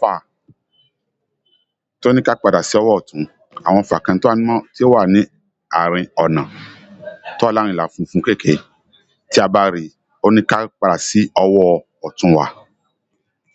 fà tó ní ká padà sí ọwọ́ ọ̀tún, àwọn fà kan tó wà ní tí ó wà ní àárín ọ̀nà tó wà láàrin ìlà funfun kéékèé tí a bá ri, ó ní ká padà sí ọwọ́ ọ̀tún wa.